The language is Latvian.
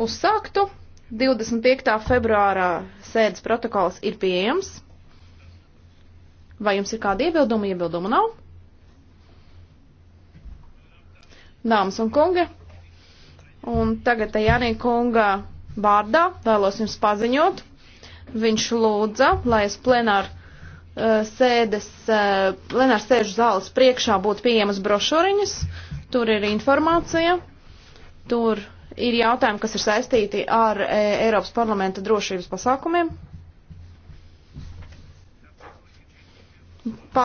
uzsāktu. 25. februārā sēdes protokols ir pieejams. Vai jums ir kādi iebildumi? Iebildumu nav. Dāmas un kungi, un tagad te Janī kunga vārdā vēlos jums paziņot. Viņš lūdza, lai es plenāru eh, sēdes, eh, plenāru sēžu zāles priekšā būtu pieejamas brošuriņas. Tur ir informācija, tur ir jautājumi, kas ir saistīti ar e, Eiropas parlamenta drošības pasākumiem.